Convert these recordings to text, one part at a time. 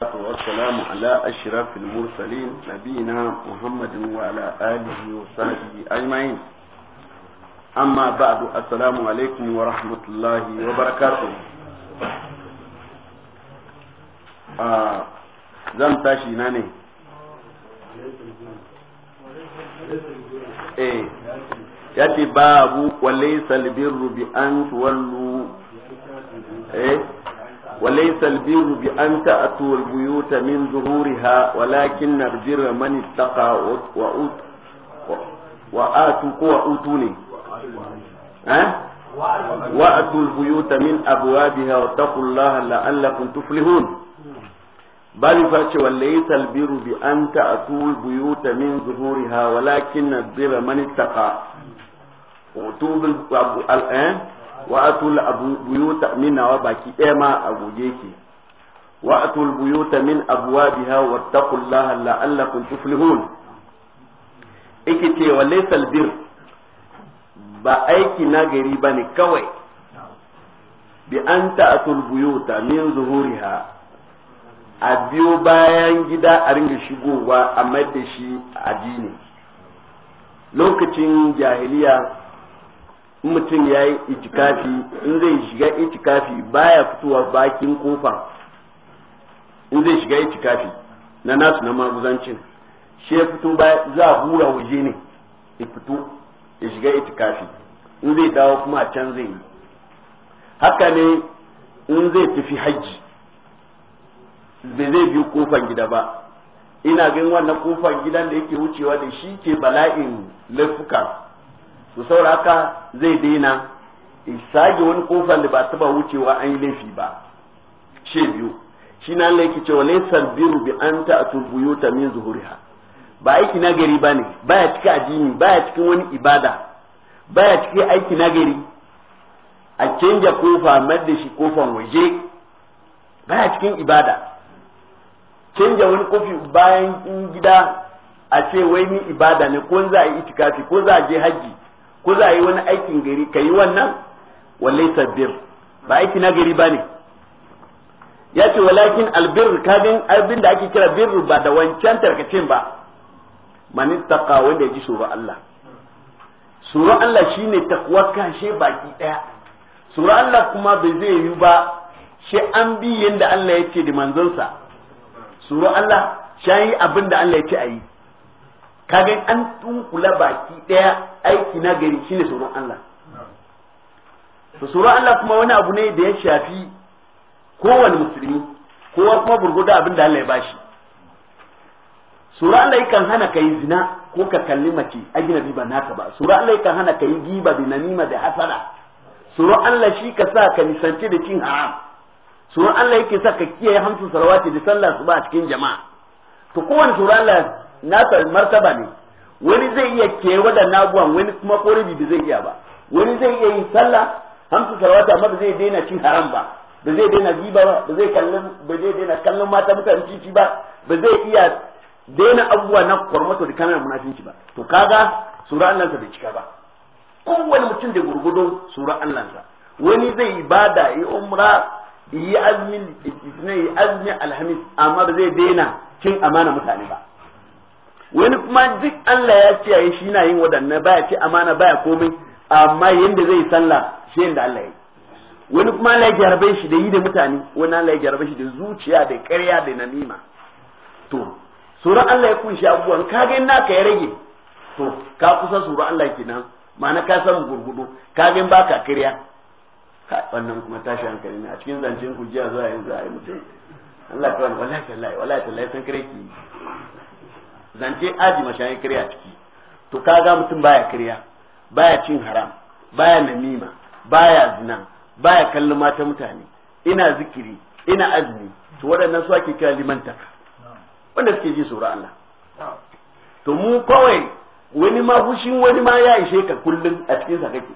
والسلام على أشرف المرسلين نبينا محمد وعلى آله وصحبه أجمعين أما بعد السلام عليكم ورحمة الله وبركاته آه زم تاشي ناني إيه يأتي babu وليس البر بأن تولوا إيه وليس البر بأن تأتوا البيوت من ظهورها ولكن البر من اتقى وأوت وآتوا وأوتوني ها وأتوا البيوت من أبوابها واتقوا الله لعلكم تفلحون بل فاتش وليس البر بأن تأتوا البيوت من ظهورها ولكن البر من اتقى وأتوا wa atul buyuta minawa baki ɗaya ma a goge ki wa atul buyuta min abwabiha wattaqullaha la'allakum tuflihun yake ce wa laysal bir ba aiki na gari bane kawai bi an ta'atul buyuta min zuhuriha a biyo bayan gida a ringa shigowa a mai da shi addini lokacin jahiliya mutum ya yi itikafi in zai shiga itikafi baya fitowa bakin kofa in zai shiga itikafi na nasu na maguzancin shi ya fito ba za a hura waje ne ya fito ya shiga itikafi in zai dawo kuma a can zai yi haka ne in zai tafi hajji bai zai biyu kofan gida ba ina ganin wannan kofan gidan da yake wucewa da shi ke bala'in laifuka su saura haka zai daina sage wani kofar da ba taba wucewa an yi laifi ba ce biyu shi na laiki cewa laisal biru bi an ta a tubuyuta min zuhuriha ba aiki na gari ba ne baya cikin addini ya cikin wani ibada ba ya cikin aiki na gari a canja kofa madda shi kofan waje ba ya cikin ibada canja wani kofi bayan gida a ce wai ni ibada ne ko za a yi itikafi ko za a je hajji ko za a yi wani aikin gari ka yi wannan wallai sabbir ba aiki na gari ba ne ya ce walakin albir kabin abin da ake kira birru ba da wancan tarkacin ba mani taqa wanda ya ji tsoron Allah tsoron Allah shine takwa kashe baki ɗaya. tsoron Allah kuma bai zai yi ba shi an bi yanda Allah ya ce da manzonsa tsoron Allah shi yi abin da Allah ya ce a yi kaga an tunkula baki daya aiki na gari shine tsoron Allah to tsoron Allah kuma wani abu ne da ya shafi kowane musulmi kowa kuma burguda abin da Allah ya bashi tsoron Allah yakan hana ka zina ko ka kalli mace ajnabi ba naka ba tsoron Allah yakan hana ka yi giba da nanima da hasara tsoron Allah shi ka sa ka nisance da cin haram tsoron Allah yake sa ka kiyaye Hamsu salawati da sallah su ba a cikin jama'a to kowane tsoron Allah nasa martaba ne wani zai iya ke da naguwan wani kuma koribi bi zai iya ba wani zai iya yin sallah hamsu salawata amma ba zai daina cin haram ba ba zai daina giba ba ba zai kallon ba zai daina kallon mata mutane cici ba ba zai iya daina abubuwa na kwarmato da kamar munafinci ba to kaga sura Allah sa bai cika ba kowane mutum da gurgudo sura Allah sa wani zai ibada yi umra yi azmin yi azmin alhamis amma ba zai daina cin amana mutane ba wani kuma duk Allah ya ce yayi shi na yin ba baya ce amana baya komai amma yanda zai sallah shi yanda Allah yi wani kuma Allah ya jarabe shi da yi da mutane wani Allah ya jarabe shi da zuciya da ƙarya da namima to sura Allah ya kunshi abubuwan ka in naka ya rage to ka kusa sura Allah kenan ma'ana ka samu gurgudu kaga ba ka ƙarya wannan kuma tashi hankali ne a cikin zancen ku jiya zuwa yanzu a yi mutum Allah kawai wallahi wallahi wallahi tallahi san kare ki zance aji mashayin kariya ciki to kaga mutum baya kariya baya cin haram baya namima baya zina baya kallon mata mutane ina zikiri ina azumi to waɗannan su ake kira limantaka wanda suke ji tsoron Allah to mu kawai wani ma fushin wani ma ya ishe ka kullum a cikin sa kake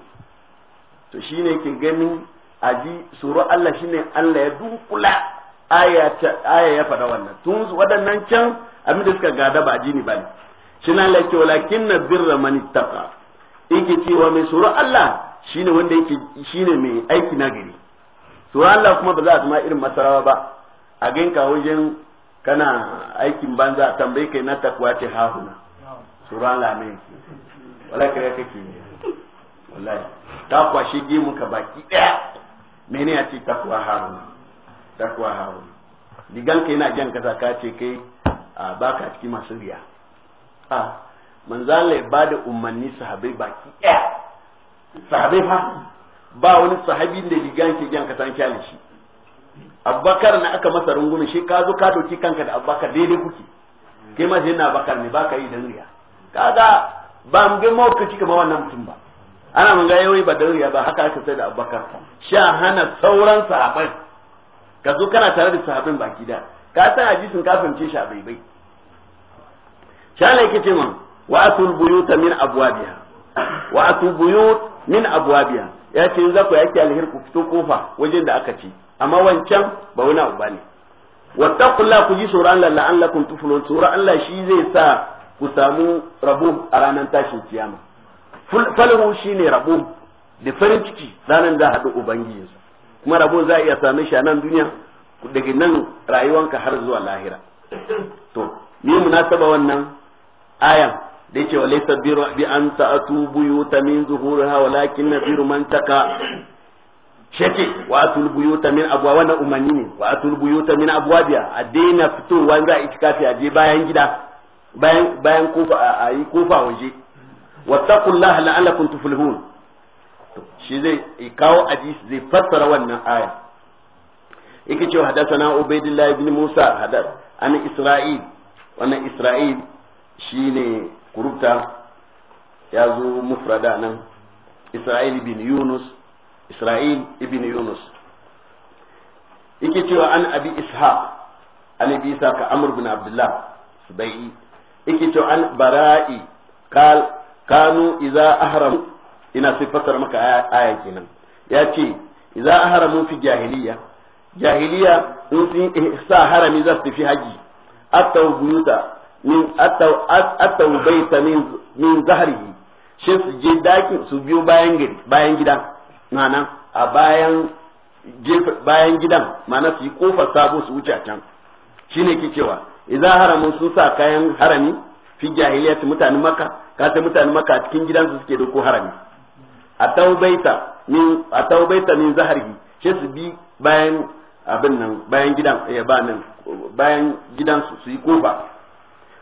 to shine ke ganin aji tsoron Allah shine Allah ya dunkula aya ya faɗa wannan tun wadannan can abinda da suka gada ba ajini ba ne shi na laike walakin na birra mani taka yake cewa mai tsoro Allah shine wanda yake shine mai aiki na gari tsoro Allah kuma ba za a zama irin masarawa ba a ganka wajen kana aikin banza tambayi kai na takwa ce hahuna tsoro Allah mai wala kare kake wallahi ta kwashe gemu ka baki daya mene ya ce takwa haruna takwa haruna digan kai na jan kasa ka ce kai a baka cikin masu riya a manzala ba da umarni sahabai baki ɗaya sahabai fa ba wani sahabi da rigan ke gyan kasan kyale shi abubakar na aka masa rungume shi ka zo ka doki kanka da abubakar daidai kuke kai ma yana abubakar ne baka yi dan riya kaga ba mu ga mawkaci kamar wannan mutum ba ana mun ga yawai ba dan riya ba haka aka sai da abubakar sha hana sauran sahabai ka zo kana tare da sahabin baki da ka san hadisin ka fahimce shi a bai bai yake ce man wa atul buyut min abwabiha wa atul buyut min abwabiha ya ce yanzu za ku yake alheri ku fito kofa wajen da aka ce amma wancan ba wani abu bane taqulla ku ji tsoron Allah lakum tuflun sura Allah shi zai sa ku samu rabo a ranar tashin kiyama falhu shine rabo da farin ciki ranar da haɗu ubangijinsa kuma rabo za a iya same shi a nan duniya daga nan rayuwanka har zuwa lahira to me munasaba wannan ayan da yake wa laysa bi an ta'tu buyuta min zuhurha walakin nadhiru man taka shake wa atul buyuta min abwa wannan umanni ne wa atul buyuta min abwabiya a daina fitowa za a itikafi a je bayan gida bayan bayan kofa a yi kofa waje wattaqullaha la'allakum tuflihun shi zai kawo hadisi zai fassara wannan aya yake cewa hadathana ubaidillah ibn musa hadar an isra'il wannan isra'il shine kurubta ya zo mufrada nan isra'il ibn yunus isra'il ibn yunus yake cewa an abi ishaq an abi ishaq amr ibn abdullah Subai yake cewa an bara'i kal kanu idza ahram ina sai fasar maka aya kenan ya ce idza ahramu fi jahiliya jahiliya in sun sa harami za su tafi haji attau buyuta min attau baita min min zahrihi shi su je dakin su biyo bayan gari bayan gidan ma'ana a bayan bayan gidan ma'ana su yi kofa sabo su wuce a can shine ke cewa idan haramun sun sa kayan harami fi jahiliya mutanen maka ka sai mutanen maka a cikin gidansu suke da ko harami a taubaita min a min zahrihi shi su bi bayan abin nan bayan gidan ya eh, ba nan bayan gidan su yi kofa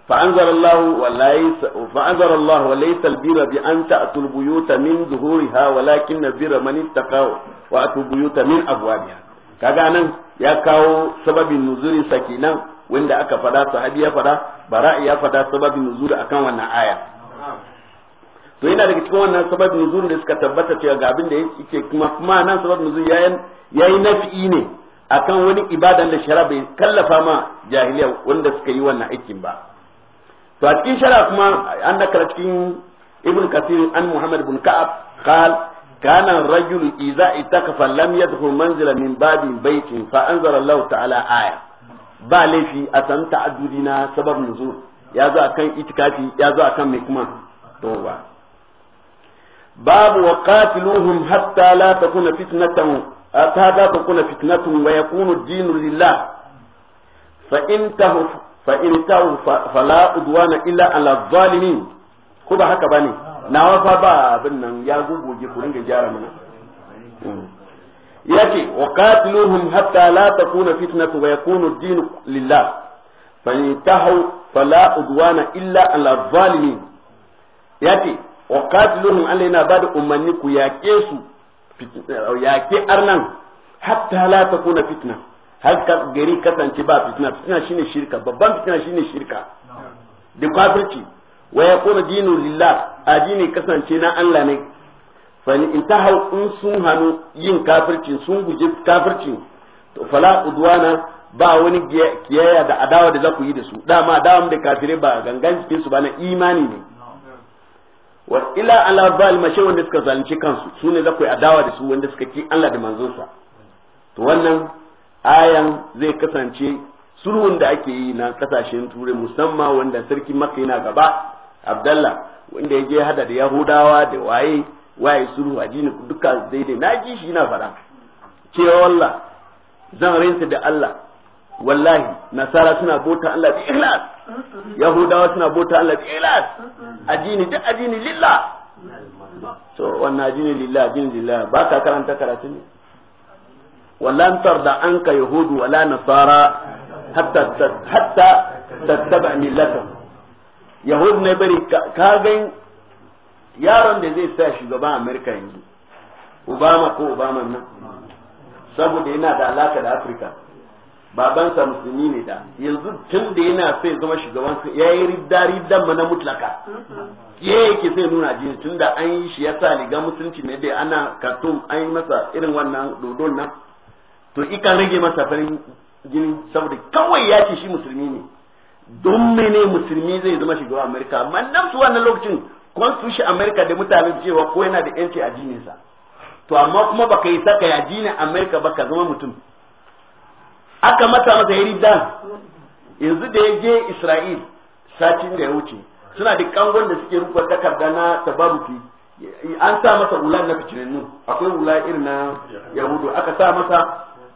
fa anzalallahu wallahi fa anzalallahu laysa albira bi an ta'tul buyuta min zuhuriha walakin nabira man ittaqa wa atu buyuta min abwabiha kaga nan ya kawo sababin nuzuri sakinan wanda aka fada sahabi ya fada bara'i ya fada sababin nuzuri akan wannan aya to yana daga cikin wannan sababin nuzuri da suka tabbata cewa ga abin da yake kuma kuma nan sababin nuzuri yayin yayi nafi ne akan wani ibadan da shara bai kallafa ma jahiliya wanda suka yi wannan aikin ba to a cikin shara kuma an nakara cikin ibn kasir an muhammad ibn ka'ab qal kana rajul idza itakafa lam yadkhul manzila min babi baitin fa anzala Allah ta'ala aya ba laifi a san ta'addudi na sabab nuzul ya zo akan itikafi ya zo akan mai kuma to ba babu wa qatiluhum hatta la takuna fitnatan kaga ku kuna fitnatun wa yakunu dinu lillah fa in tahu fa in tahu la udwana illa ala zalimin ko ba haka bane wa fa ba abin nan ya gugoge ku ringa gyara mana yace wa qatiluhum hatta la takuna fitnatu wa yakunu dinu lillah fa intahu la udwana illa ala zalimin yace wa qatiluhum alaina ba'da umanni ku yake su yake arnan hatta la kuna fitna har gari kasance ba fitna fitna shine shirka babban fitna shine shirka da kafirci wa kuna dinu lillah addini kasance na Allah ne fa in tahau in sun hanu yin kafirci sun guji kafircin to fala udwana ba wani kiyaya da adawa da za ku yi da su dama dawam da kafirai ba gangan cikin su ba na imani ne wa ila ala bal wanda suka zalunci kansu su ne za ku yi adawa da su wanda suka ki Allah da manzonsa to wannan ayan zai kasance sulhun da ake yi na kasashen turai musamman wanda sarki maka yana gaba abdallah wanda ya je hada da yahudawa da waye waye sulhu a jini duka daidai na ji shi na fara cewa wallah zan rinta da Allah wallahi nasara suna bota Allah bi ikhlas yahudawa suna bota Allah bi ikhlas ajini duk ajini lillah to wannan ajini lillah ajini lillah ba ka karanta karatu ne wallan tarda anka yahudu wala nasara hatta hatta tattaba millata yahud ne bari ka ga yaron da zai sa shugaban America yanzu Obama ko Obama nan saboda yana da alaka da Afirka. babansa musulmi ne da yanzu tun da yana so ya zama shugaban su ya yi ridda mana mutlaka ya yake sai nuna jini tun da an yi shi ya sa liga musulunci ne da ana katum an yi masa irin wannan dodon nan to ikan rage masa farin jini saboda kawai ya ce shi musulmi ne don mene musulmi zai zama shugaban amerika amma nan su wannan lokacin shi amerika da mutane cewa ko yana da yanci a jininsa to amma kuma baka yi saka ya jini amerika ba ka zama mutum aka mata masa yari dan yanzu da ya je Isra'il satin da ya wuce suna da kangon da suke rubuta takarda na tabaruki an sa masa hula na fitinannu akwai hula irin na yahudu aka sa masa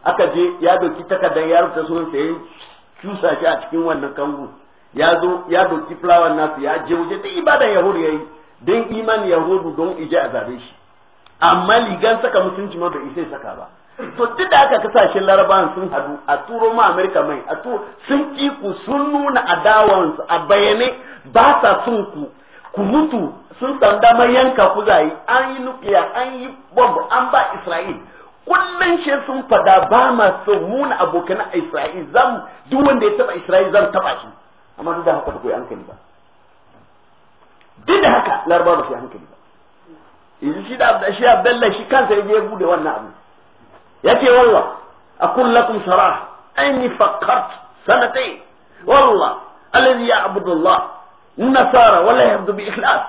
aka je ya doki takardar ya rubuta so sai cusa shi a cikin wannan kango ya zo ya doki flower nasu ya je waje ta ibadan yahudu yayi dan iman yahudu don ije a zabe shi amma ligan saka mutunci ma bai isa saka ba to duk da aka kasashen larabawan sun hadu a turo ma amerika mai a turo sun ki ku sun nuna adawansu a bayyane ba sa sun ku ku mutu sun samu damar yanka ku zai an yi nukiya an yi bomb an ba isra'il kullum shi sun fada ba ma so nuna abokan isra'il zam duk wanda ya taba isra'il zan taba shi amma duk da haka ba ku hankali ba duk da haka larabawa ba su hankali ba yanzu shi da shi abdallah shi kansa ya je bude wannan abu يأتي والله أقول لكم صراحة أني فكرت سنتين والله الذي يعبد الله النصارى ولا يعبد بإخلاص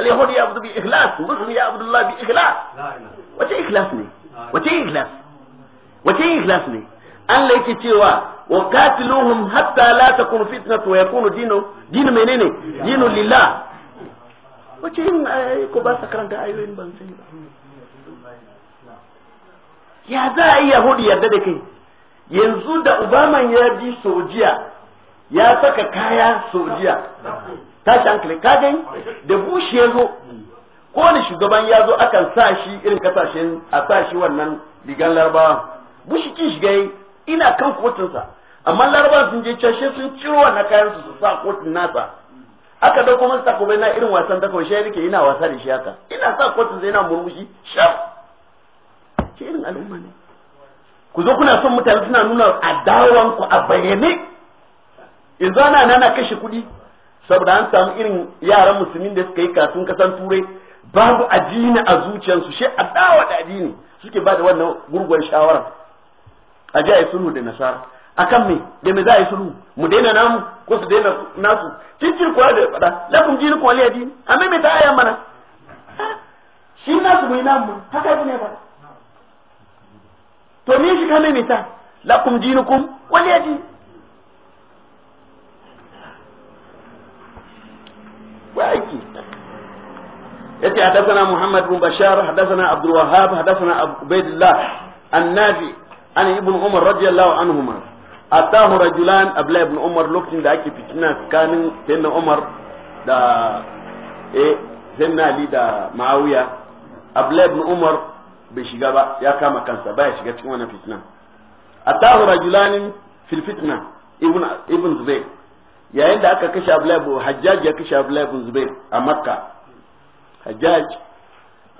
اليهود يعبد بإخلاص المسلم يعبد الله بإخلاص وتي إخلاصني ني وتي إخلاص وتي إخلاصني أن لك تيوا وقاتلوهم حتى لا تكون فتنة ويكون دين دين منين دين لله وتي آه، كوبا سكران أيوين بانسين ya za a iya hudu yarda da kai yanzu da obama ya ji sojiya ya saka kaya sojiya tashi hankali ka gani da bush ya zo kowane shugaban ya zo akan sa shi irin kasashen a sa shi wannan rigan larabawa bush kin shiga yi ina kan kotunsa amma larabawa sun je cashe sun ciro na kayan su sa kotun nasa aka dauko masa takobai na irin wasan takobai shi rike ina wasa da shi haka ina sa kotun sai ina murmushi shaf ce irin al'umma ne ku zo kuna son mutane suna nuna adawan ku a bayyane yanzu ana nana kashe kuɗi saboda an samu irin yaran musulmin da suka yi kasu kasan turai babu addini a zuciyarsu shi adawa da addini suke ba da wannan gurguwar shawara a ji a yi sulhu da nasara akan me da me za a yi sulhu mu daina namu ko su daina nasu cincin kuwa da fada lafin jini kuwa liya dini a maimaita aya mana shi nasu mai namu haka ne ba to me shi ka maimaita lakum dinukum wani ya ji aiki yace hadathana muhammad bin bashar hadathana abdul wahhab hadathana ubaidillah annabi an ibn umar radiyallahu anhuma atahu rajulan abla ibn umar lokacin da ake fitina tsakanin sayyidina umar da eh sayyidina ali da muawiya abla ibn umar bai shiga ba ya kama kansa baya shiga cikin wannan fitna atahu rajulanin fil fitna ibn ibn zubair yayin da aka kashe abdullahi ibn hajjaj ya kashe abdullahi ibn zubair a makka hajjaj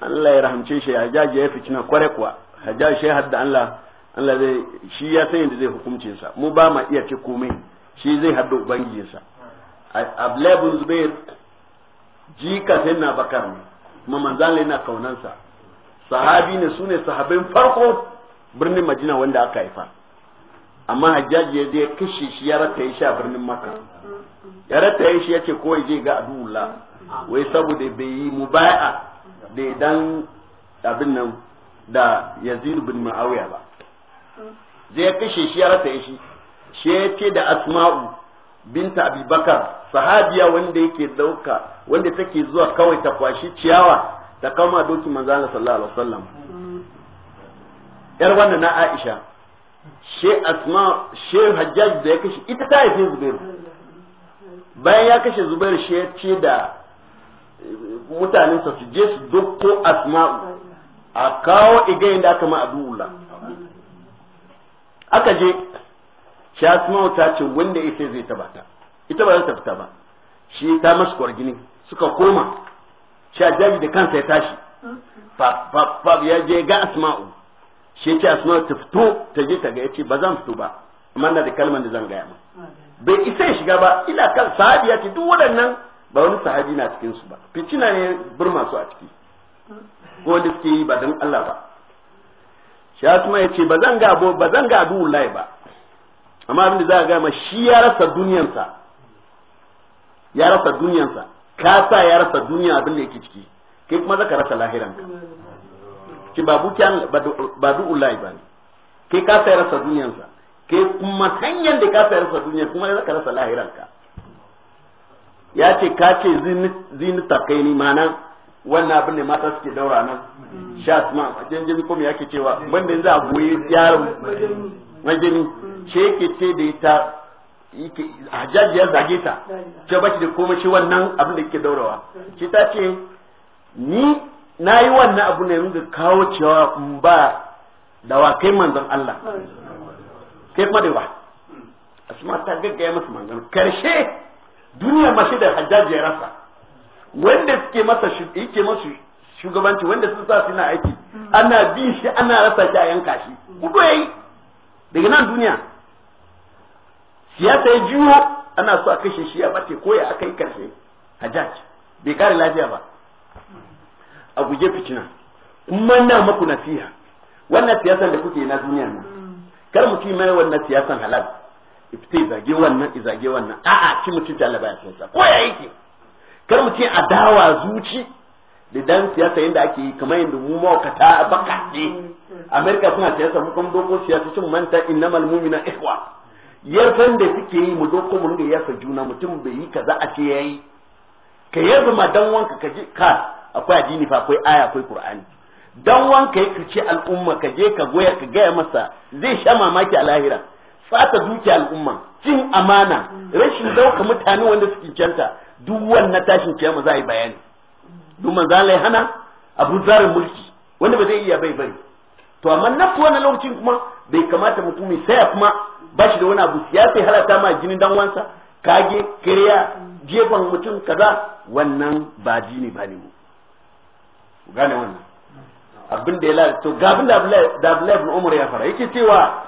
Allah ya rahamce shi hajjaj ya fitina kware kuwa hajjaj shi hadda Allah Allah zai shi ya san yadda zai hukunce sa mu ba ma iya ce komai shi zai hadda ubangijinsa abdullahi ibn zubair jika sai na bakar ne kuma manzan na kaunansa sahabi ne sune sahabin farko birnin Madina wanda aka haifa amma hajjaji ya je kashe shi ya rataye shi a birnin Makka ya rataye shi yace ko je ga Abdullah wai saboda bai yi mubai'a da dan abin nan da Yazid bin Muawiya ba zai kashe shi ya rataye shi shi ya ce da Asma'u binta Abubakar sahabiya wanda yake dauka wanda take zuwa kawai ta kwashi ciyawa da kama dokin manzo Allah sallallahu alaihi wasallam yar wannan na Aisha she asma she hajjaj da ya kashe ita ta yi Zubair bayan ya kashe Zubair she ya ce da eh, mutanen sa su je su dokko Asma a kawo igayin da aka ma Abdullah aka je shi Asma ta ce wanda ita zai tabata ta ita ba za ta fita ba shi ta masu kwargini suka koma sha da kansa ya tashi fa ya je ga asma'u shi ce asma'u ta fito ta je ta ga yace ba zan fito ba amma na da kalmar da zan gaya ma bai isa ya shiga ba ila kan sahabi ya ce duk waɗannan ba wani sahabi na cikin su ba fitina ne burma su a ciki ko wanda suke yi ba don Allah ba shi kuma ya ce ba zan ga ba zan ga duhun wallahi ba amma abin da za gaya ma shi ya rasa duniyansa ya rasa duniyansa ka sa ya rasa duniya abin da yake ciki kai kuma zaka rasa lahiran ka ki babu bukiyan ba ulai ba kai ka sa ya rasa sa kai kuma hanyar da ka sa ya rasa duniya kuma zaka rasa lahiran ka ya ce ka ce zini takai ni mana wannan abin da mata suke daura nan sha ma jinjin kuma yake cewa banda yanzu a goyi yaron majini ce ke ce da ita a hajjaji zage ta ce baki da komai shi wannan abin da yake daurawa hmm. shi ta ce ni na yi wannan abu ne da kawo cewa in ba kai manzon Allah hmm. kai kuma da ba asma ta gaggaya masa manzon karshe duniya shi da hajjaji ya rasa wanda suke masa yake masa shugabanci wanda sun sa suna aiki hmm. ana bi shi ana rasa shi a yanka shi kudo yayi daga nan duniya siyasa ya juyo ana so a kashe shi a bace ko ya akai karshe hajjaj bai kare lafiya ba a guje fitina kuma na maku nasiha wannan siyasan da kuke na duniyar nan kar mutum mai wannan siyasan halal ifte zage wannan izage wannan a'a ki mutum da Allah ya sa ko ya yake kar mutum adawa zuci da dan siyasa yadda ake yi kamar yadda mu mawakata baka ne amerika suna siyasa mu kuma dogo siyasa cin manta innamal mu'mina ikhwa yarfan da suke yi mu doko mu ringa yarfa juna mutum bai yi kaza a ce yayi ka yarfa ma dan wanka ka je ka akwai addini fa akwai aya akwai qur'ani dan wanka ya kace al'umma ka je ka goya ka gaya masa zai sha mamaki a lahira tsata dukiya al'umma cin amana rashin dauka mutane wanda suke kyanta duk wannan tashin kiyama za a yi bayani duk manzo Allah hana abu zarin mulki wanda ba zai iya bai bari to amma na na lokacin kuma bai kamata mutum sai kuma ba shi da wani abu ya ya halata ma jinin dan wansa kage kirya jefan mutum kaza wannan ba jini ba ne mu gane wannan abin da ya la to ga abin da Abdullahi ibn Umar ya fara yake cewa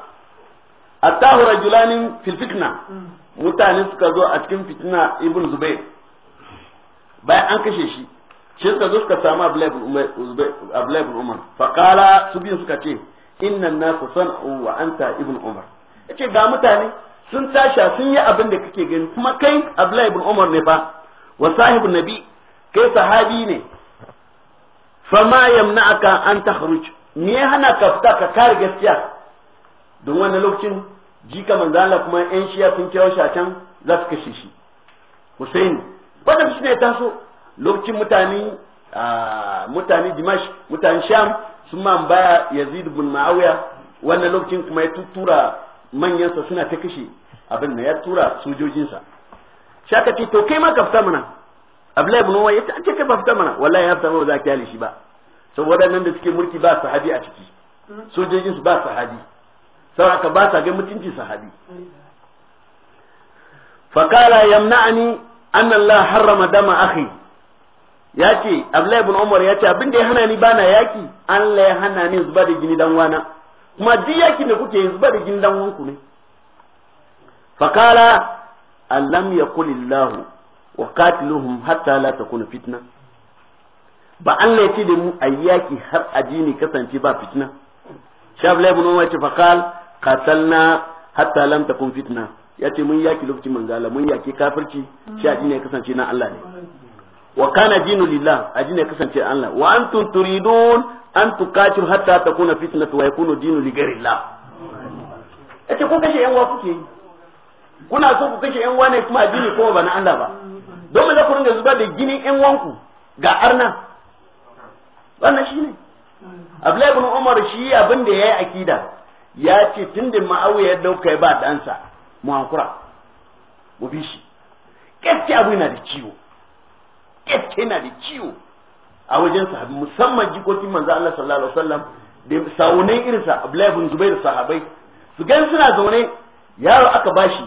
attahu rajulanin fil fitna mutane suka zo a cikin fitna ibn Zubair bayan an kashe shi shi suka zo suka samu abu ibn Umar faqala su biyu suka ce innan an-nas san'u wa anta ibn Umar yace ga mutane sun tasha sun yi abin da kake gani kuma kai Abdullahi ibn Umar ne fa wa sahibun nabi kai sahabi ne fa ma yamna'aka an takhruj me ya hana ka fita ka kare gaskiya don wannan lokacin jika manzo Allah kuma yan shiya sun kira shi a can za su kashe shi Hussein wanda shi ne taso lokacin mutane mutane Dimash mutane Sham sun ma baya Yazid ibn Muawiya wannan lokacin kuma ya tutura manyansa suna ta kashe abin da ya tura sojojinsa shaka ce to kai ma ka fita mana abdullahi ibn umayya ta ce kai ba fita mana wallahi ya fita ba za ka yale shi ba saboda nan da suke mulki ba sahabi a ciki sojojin su ba sahabi sai aka ba sa ga mutunci sahabi kala yamna'ani an Allah harrama dama akhi yace ce Abdullahi ibn Umar ya ce abin da ya hana ni bana yaki Allah ya hana ni zuba da jini dan wana kuma duk yakin da kuke yanzu ba da gindan wanku ne fakala alam yakul illahu wa qatiluhum hatta la takun fitna ba Allah ya ce da mu ayyaki har ajini kasance ba fitna shabla ibn umar ce fakal qatalna hatta lam takun fitna yace mun yaki lokacin manzala mun yaki kafirci shi ajini ya kasance na Allah ne wa kana dinu lillah ajina kasance Allah wa antum turidun an tukatir hatta takuna fitnatu wa yakunu dinu li ghairillah yace ko kashe yan uwa kuke yi kuna so ku kashe yan wani kuma addini kuma ba na Allah ba don me za ku ringa zubar da ginin yan wanku ga arna wannan shine Abdullahi ibn Umar shi abin da yayi akida ya ce tunda Muawiya ya dauka ba dansa mu hankura mu bi shi gaskiya abu yana da ciwo kyafke na da ciwo a wajen sahabi musamman jikokin manzo Allah sallallahu alaihi wasallam da sawunai irinsa Abdullahi bin Zubair sahabai su gan suna zaune yaro aka bashi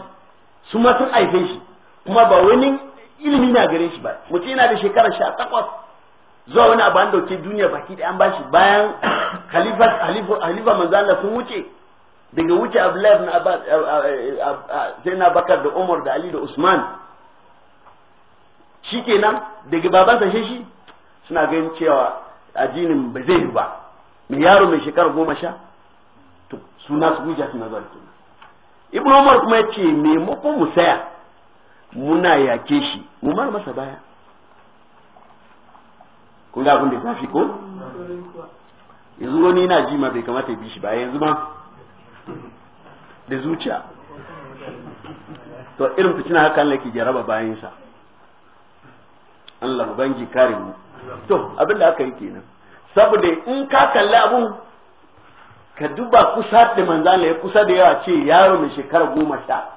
su ma sun aife shi kuma ba wani ilimi na gare shi ba mutum yana da shekara sha takwas zuwa wani abu an dauke duniya baki da an bashi bayan khalifa manzo Allah sun wuce daga wuce Abdullahi bin Abbas eh, eh, eh, sai na Bakar da Umar da Ali da Usman shikenan daga babansa shi shi suna ganin cewa addinin ba zai yi ba mai yaro mai shekara goma sha to suna su guja suna zuwa kenan ibn umar kuma ya ce maimakon mu saya muna yake shi mu mara masa baya kun ga abin da zafi ko yanzu wani yana ji ma bai kamata ya bi shi ba yanzu ma da zuciya to irin fitina haka Allah ke jaraba bayansa Allah ubangi kare mu to abin da aka yi kenan saboda in ka kalli abun ka duba kusa da manzana ya kusa da yawa ce yaro mai shekara goma sha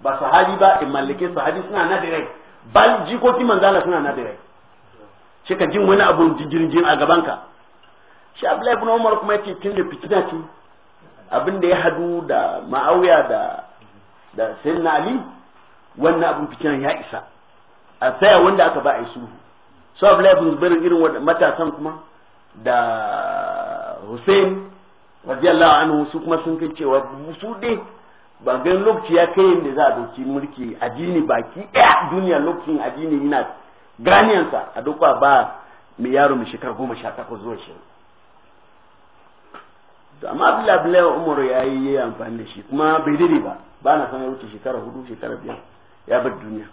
ba sahabi ba in mallake sahabi suna na rai bal jikoki manzana suna na rai shi ka jin wani abun jirgin a gaban gabanka shi abdullahi ibn umar kuma yake tun da fitina ce abin da ya hadu da ma'auya da da sayyidina ali wannan abun fitina ya isa a saya wanda aka ba a yi sulhu su abdullahi ibn zubair irin matasan kuma da hussein radiyallahu anhu su kuma sun kai cewa su dai ba gan lokaci ya kai yadda za a doki mulki addini baki ɗaya duniya lokacin addini yana ganiyansa a duk ba mai yaro mai shekara goma sha takwas zuwa shirin amma abdullahi abdullahi umaru ya yi amfani da shi kuma bai dade ba ba na san ya wuce shekara hudu shekara biyar ya bar duniya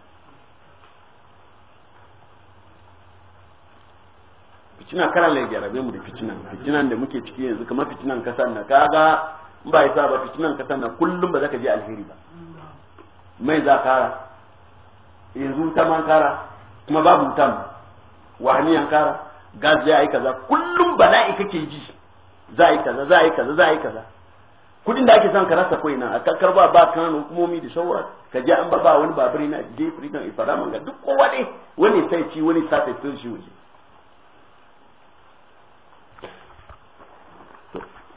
fitina ne lai gyarabe mu da fitina. fitinan da muke ciki yanzu kamar fitinan kasan na kaga in ba yasa ba fitinan kasar na kullum ba za ka je alheri ba mai za kara yanzu wuta man kara kuma babu wutan wahaniyan kara gas ya yi kaza kullum bala'i kake ji za a yi kaza za a yi kaza za a yi kaza kudin da ake son ka rasa ko ina a kakkar ba ba kan hukumomi da sauran ka je an ba ba wani babiri na je freedom ifara ga duk kowa ne wani sai ci wani sa ta shi waje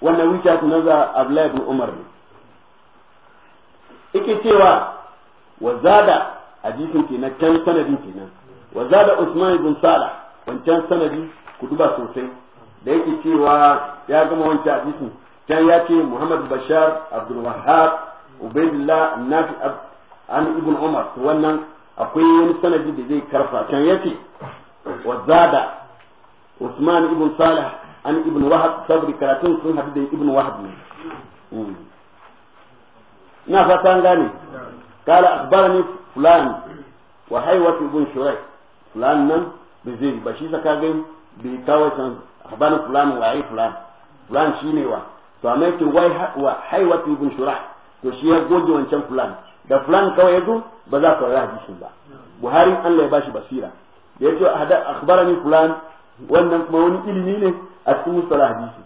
wannan wichat na za a ibn Umar ne ike cewa wa zada ke na can sanadin kenan wa zada Usman ibn sala wancan sanadi ku duba sosai da yake cewa ya gama wancan hadisin can ya ce Muhammad Bashar Abdul Wahhab Ubaidillah Nafi an Ibn Umar to wannan akwai wani sanadi da zai karfa can ya ce wa zada Usman ibn Salah an ibn wahab sabri karatun sun hadu da ibn wahab ne hmm. ina fata an gane kala akbarani fulan wa haiwatu ibn shurai fulan nan bi zai ba shi saka gai bi kawo san akbarani fulan wa ai fulan fulan shine wa to amma yake wa haiwatu ibn shurai to shi ya goge wancan fulan da fulan kawai yazo ba za ka yi hadisin ba buhari Allah ya bashi basira da yace akhbarani fulan wannan kuma wani ilimi ne a cikin mustara hadisi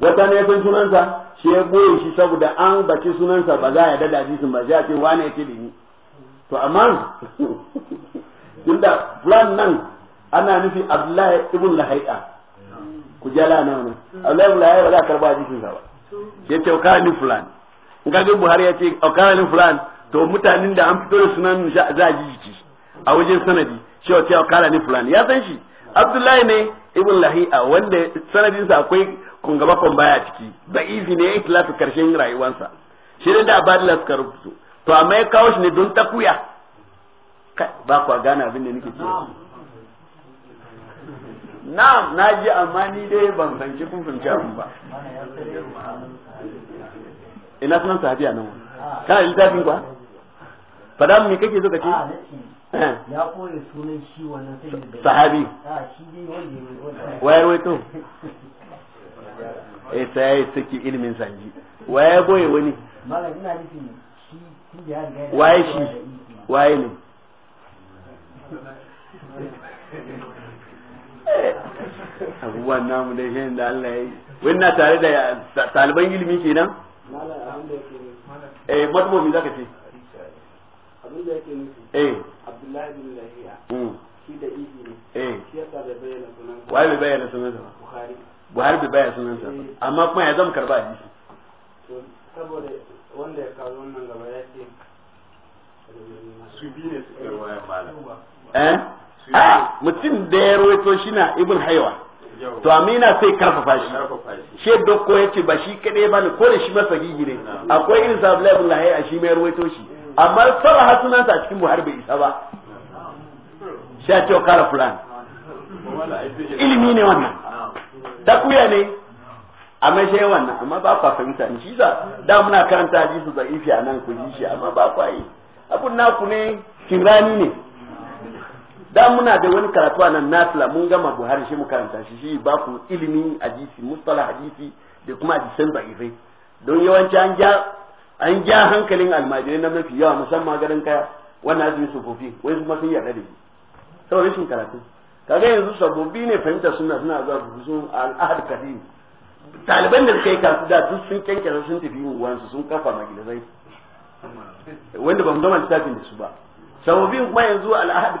wata ne san sunansa shi ya goye shi saboda an baci sunansa ba za a yadda da hadisin ba sai a ce wane ce da ni to amma tunda fulan nan ana nufi Abdullahi ibn Lahaida ku jala na ne. Abdullahi ibn Lahaida ba za a karba hadisin sa ba ya ce ka ni fulan in ka ga Buhari ya ce ka ni fulan to mutanen da an fito da sunan za a ji jiki a wajen sanadi shi ya ce ka ni fulan ya san shi abdullahi ne ibn lahi'a wanda sanadinsa akwai kungaba kun baya ciki izi ne itlatu karshen rayuwansa shi da abadila suka rubutu to amma ya kawo shi ne don takuya ba kwa gana abin da nake cewa na'am na ji amma ni dai ban fanci kun fanci abin ba ina sunan sahabiya nan kana littafin kwa fada me kake so kace Eh. ya koyi sunan shi wannan sai sahabi ah, shi dai wanda wayar waito eh sai saki ilimin sanji waya boye wani malam ina shi tun ya riga waye shi ne abubuwan namu da shi da Allah ya yi wani tare da taliban ilimi kenan eh matubobi zaka ce abin da nufi eh abdullahi bin lahiya hmm. shi da ihi ne eh. shi ya bai bayyana sunansa wai bai bayyana sunansa buhari buhari bai bayyana sunansa eh. amma kuma ya zama karba hadisi To, saboda wanda ya kawo wannan gaba ya ce su biyu ne su kai wayan malam eh a ah, mutum da ya rawaito shi na ibn haiwa to amina sai karfafa shi she dokko ya ce ba shi kadai ba ne ko da shi masa gigi ne akwai irin sa abdullahi ibn lahiya shi mai rawaito shi amma salaha sunansa a cikin buhari bai isa ba sha ce kara fulani ilimi ne wannan takuya ne a shi wannan amma ba kwa fahimta ni shi da muna karanta hadisi da a nan ku ji shi amma ba kwa yi abun naku ne kirani ne da muna da wani karatu nan nasila mun gama buhari shi mu karanta shi shi ba ku ilimi hadisi mustalah hadisi da kuma hadisan da'ifai don yawanci an ja an ja hankalin almajirai na mafi yawa musamman garin kaya wannan azumi sufofi wai su sun yarda da shi saboda rashin karatu kaga yanzu sabobi ne fahimtar suna suna zuwa su al'ahad kadim taliban da suka yi kasu da duk sun kyankyasa sun tafi unguwansu sun kafa magilazai wanda ba mu gama littafin da su ba sabobi kuma yanzu al'ahad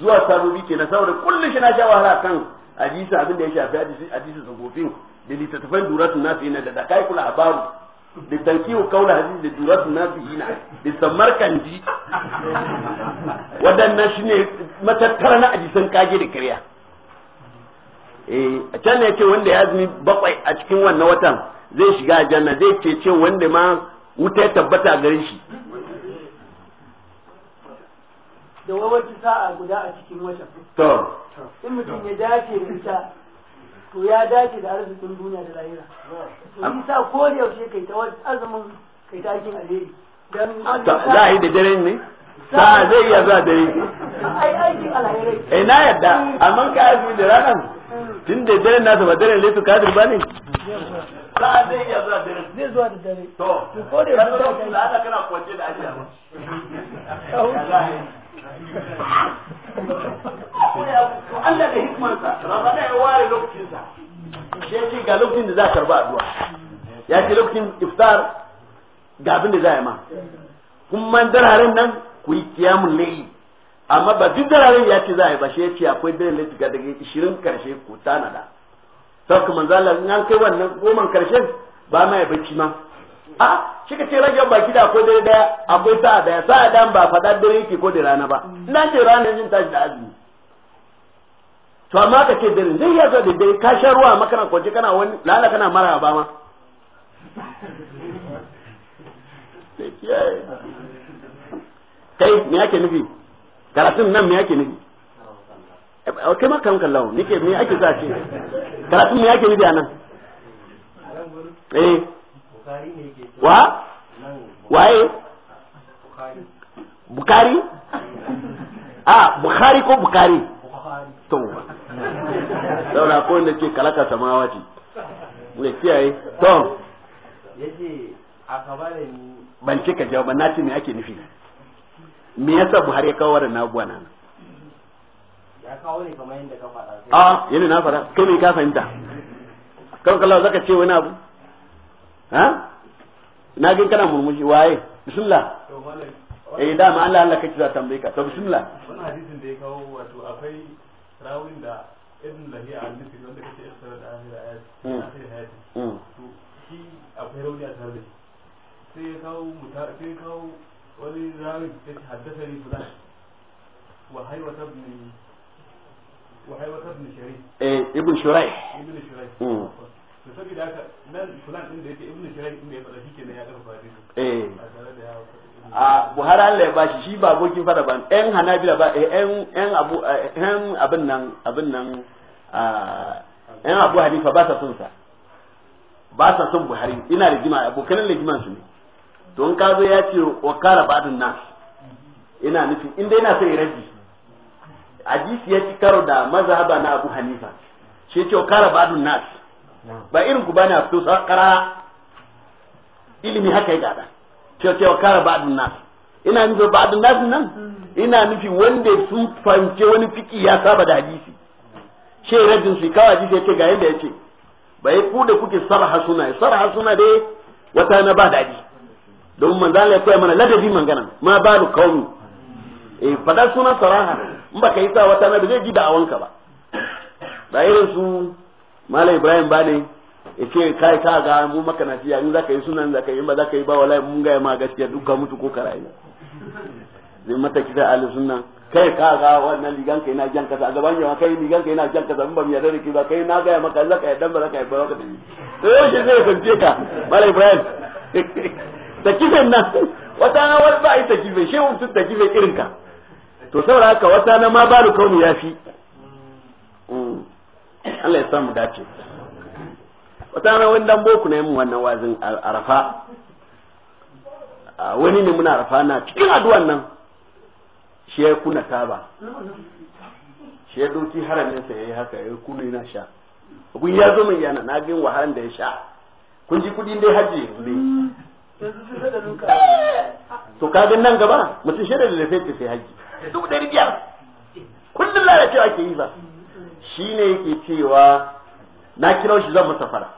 zuwa sabobi ke na saboda kullum shi na sha wahala kan hadisi abin da ya shafi hadisi sabobin da littattafan duratun nasu yana da da kai kula a baru da tankiyu kaula hadisi da juratu nasihina da samarkandi waɗannan shi ne matattara na ajisan kage da kariya eh a can ne ce wanda ya azumi bakwai a cikin wannan watan zai shiga janna zai ce ce wanda ma wuta ya tabbata garin shi da wawanci sa'a guda a cikin watan to in mutum ya dace da ita to ya dace da arzikin duniya da lahira yi sa ko da yaushe kai ta azumin kai ta aikin alheri za a yi da dare ne sa zai iya za dare ai aikin alheri eh na yadda amma ka azumi da ranar tun da dare na saba dare ne su kadir ba ne za zai iya zuwa dare zai zuwa da dare to ko da yaushe ka da ana kana kwance da ajiya ba wanda to Allah da hikmarsa rabana ya ware lokacinsa ga lokacin da za a karba addu'a ya ce lokacin iftar ga abin da za a yi ma man dararen nan ku yi kiyamun layi amma ba duk dararen ya ce za a yi ba shi ya ce akwai dare layi daga 20 karshe ku tanada sau kuma zala in an kai wannan goman karshen ba ma ya bacci ma a shi ka ce rage baki da akwai dare daya akwai sa'a daya sa'a dan ba fada dare yake ko da rana ba ina ce ranar jin tashi da azumi to amma ka ce dare zai yasa da dare ka sha ruwa makana kwanci kana wani lala kana mara ba ma kai me yake nufi karatun nan me yake nufi eh, kai ma kan kallawo nike me yake za ce karatun me yake nufi a nan eh wa waye bukari a ah, bukari ko bukari to saboda ko wanda ke kalaka samawati ne kiyaye to yace a kabarin ban cika jawaba na ce me ake nufi me yasa Buhari ya kawo wannan abubuwa nan ya kawo ne kamar yadda ka faɗa a yana na faɗa kai me ka fahimta kawai kallon zaka ce wani abu ha na gani kana murmushi waye bismillah eh dama Allah Allah kake za tambaye ka to bismillah wannan hadisin da ya kawo wato akwai rawin da ibn lahiya an nufi wanda kace isra da ahira ayat hmm. hmm. to shi akwai rauni a tare da shi sai ya kawo muta sai eh. a a buhari allah ya bashi shi ba abokin fada ba yan hanabila ba eh, yan abu eh, abin nan abin nan yan abu hanifa ba sa son sa ba sa son buhari ina rigima abokan rigiman su ne don ka zo ya ce wa kara ba'dun nas ina nufi inda yana son raji hadisi ya ci karo da mazhaba na abu hanifa shi ce wa kara ba'dun nas ba irin ku bane a fito karara ilimi haka ya gada cewa kare ba'adun nas ina nufin ba'adun nas nan hmm. ina nufi wanda su fahimce wani fiki ya saba da hadisi ce rajin su ji sai ce ga yanda yace bai ku da kuke sarha suna sarha suna dai wata na ba daɗi don manzala ya koya mana ladabi mangana ma eh, ba lu kaumi eh fada suna saraha in baka yi sa wata na ba zai ji da awanka ba da irin su Malam Ibrahim Bane yake kai ka ga mu maka na fiya in zaka yi sunan zaka yi ba zaka yi ba wallahi mun ga ma gaskiya duka mutu ko karai zai mata kida ahli sunna kai ka ga wannan ligan kai na jan kasa a gaban yawa kai ligan kai na jan kasa mun ba mu yarda ki kai ba kai na ga maka zaka yadda ba zaka yi ba zaka yi to eh, shi zai kunce ka malai ibrahim takifin nan wata na wani ba yi takife shi mutum takife irin ka to saboda haka wata na ma ba da kaunu ya fi mm. Allah ya samu dace wata rana wani dan boku ne yin wannan wazin arafa wani ne muna arafa na cikin addu'an nan shi ya kuna taba shi ya doki haramin sa yayi haka ya kuna yana sha abun ya zo min yana na ga wahalan da ya sha kun ji kudin dai haji ne to kaga nan gaba mutum shi da lafiya sai haji duk da ribiyar kullum lalacewa ke yi ba Shi ne yake cewa na kira shi zan masa fara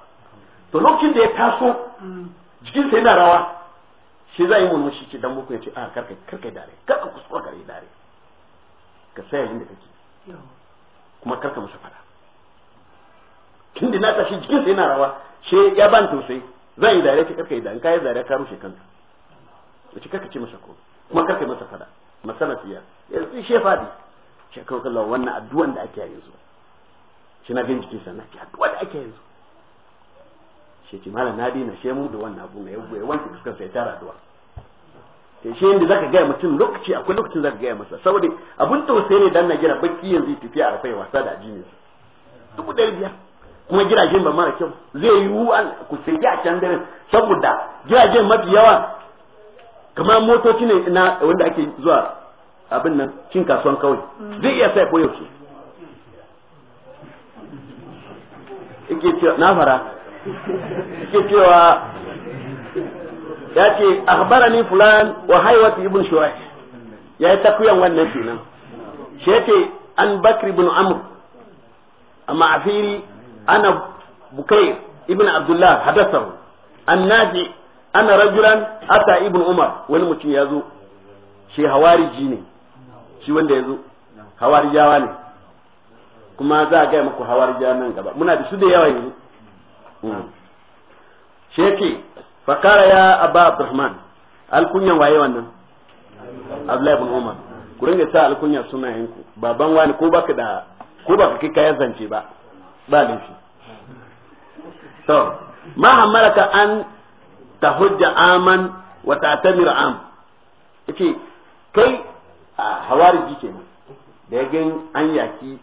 to lokacin da ya taso jikinsa yana rawa shi za a yi murmushi ce dan muku ya ce a ah, karka karka dare karka kuskura kare dare ka saya inda kake kuma karka masa fada tun da na tashi jikinsa yana rawa shi ya ban tausayi a yi dare ce karka yi dare kayan dare ka rushe kanka ya ce karka ce masa ko kuma karka masa fada masana siya yanzu shi ya fadi shekaru kallon wannan addu'an da ake yanzu shi na gan jikinsa na ce addu'a da ake yanzu shi ce malam na dina shi mu da wannan abu ya ya wanke fuskar sai tara duwa. to shi inda zaka gaya mutum lokaci akwai lokacin zaka gaya masa saboda abun tausayi ne dan gira baki yanzu tafiya a rafai wasa da ajini Duk da biyar kuma gidajen ba mara kyau zai yiwu ku sai ya can daren saboda gidajen mafi yawa kamar motoci ne na wanda ake zuwa abin nan cin kasuwan kawai zai iya sai koyaushe yake na fara yake cewa ya ce akhbarani fulan wa haywat ibn shuraih ya yi takuyan wannan kenan shi yake an bakri ibn amr amma afiri ana bukayr ibn abdullah hadathahu an naji ana rajulan ata ibn umar wani mutum ya zo shi hawariji ne shi wanda ya zo hawarijawa ne kuma za a gaya muku hawarijawa nan gaba muna da su da yawa yanzu Mm. shi yake fakara ya abba abdurrahman alkunyan waye wannan abdullahi ibn umar ku ringa sa alkunya sunayen ku baban wani ko baka da ko baka kai kayan zance ba ba laifi to ma hamalaka an tahujja aman wa ta'tamir am yake kai hawari hawariji kenan da ya gan an yaki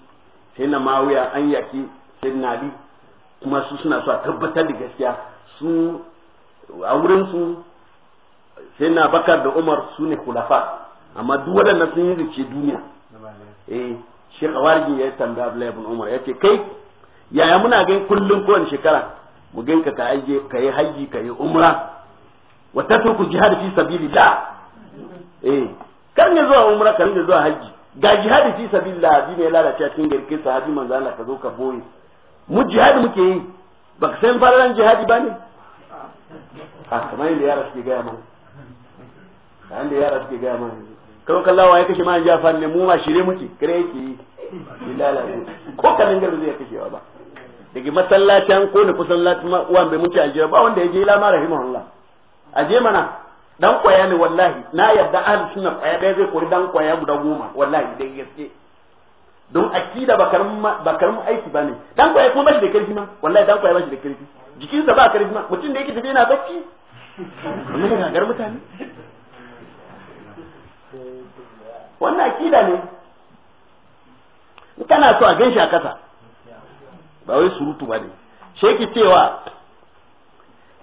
sai na mawuya an yaki sai na kuma su suna so a tabbatar da gaskiya su a wurin su sai na bakar da umar su ne kulafa amma duk waɗannan sun yi rice duniya eh shi kawargi ya tambaya abdullahi ibn umar ya ce kai yaya muna gan kullum kowane shekara mu ganka ka aje ka yi haji ka yi umra wa tatruku jihad fi sabilillah eh kar ne zuwa umra kar ne zuwa haji ga jihad fi sabilillah bi ne lalace cikin garkin sahabi manzo Allah ka zo ka boye mu jihadi muke yi ba ka san fararan jihadi ba ne a ah, kamar yadda yara suke gaya mana a yadda yara suke gaya mana kawai kallawa ya kashe ma jafar ne mu ma shire muke kare yake yi ko kanin garba zai kashewa ba daga masallacin ko ne kusan latin uwan bai muke a jira ba wanda ya je ila ma rahimahullah a je mana dan kwaya ne wallahi na yadda ahli sunna kwaya dai zai kori dan kwaya guda goma wallahi dai gaske don akida ba karamin ba ne aiki dan kwaye kuma bashi da karfi ma wallahi dan kwaye bashi da karfi jikinsa ba karfi ma mutum da yake tafiya yana bacci wannan ga gar mutane wannan akida ne in kana so a ganshi a kasa ba wai surutu ba ne shi yake cewa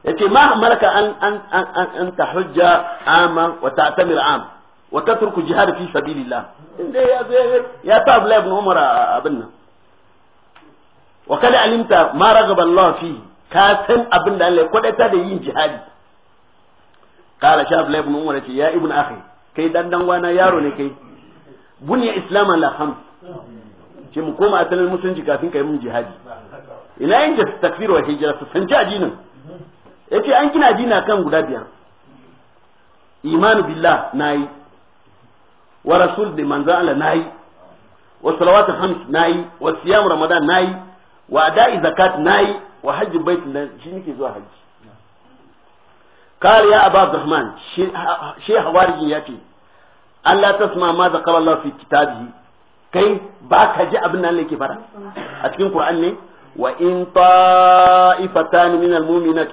yace ma malaka an an an an tahujja aman wa ta'tamir am wa tatruku jihad fi sabilillah inda ya zo ya sa Abdullahi ibn Umar abin nan wa kada alimta ma ragaba Allah fi ka san abin da Allah ya ta da yin jihadi kala sha Abdullahi ibn Umar ce ya ibn akhi kai dan dan wana yaro ne kai bunya islama la ham. ce mu koma asalin musulunci kafin kai mun jihadi ina yin takfir wa hijira su sanci addinin yace an kina addini kan guda biyar imanu billah nayi Wa rasul de manzan an la Wa salawat a hanz Wa siyam ramadan nayi. Wa da'i zakatu nayi. Wa hajji bai tunanin shi ne ke zuwa hajji. Kariya a babu Rahman, Sheikh Hawar Junaidi, an la tasma mata ƙararrafe kitabu kai, ba ka ji abin da nake fara. Askin Kur'ani ne. Wa in fa'i fatani min al-mumin na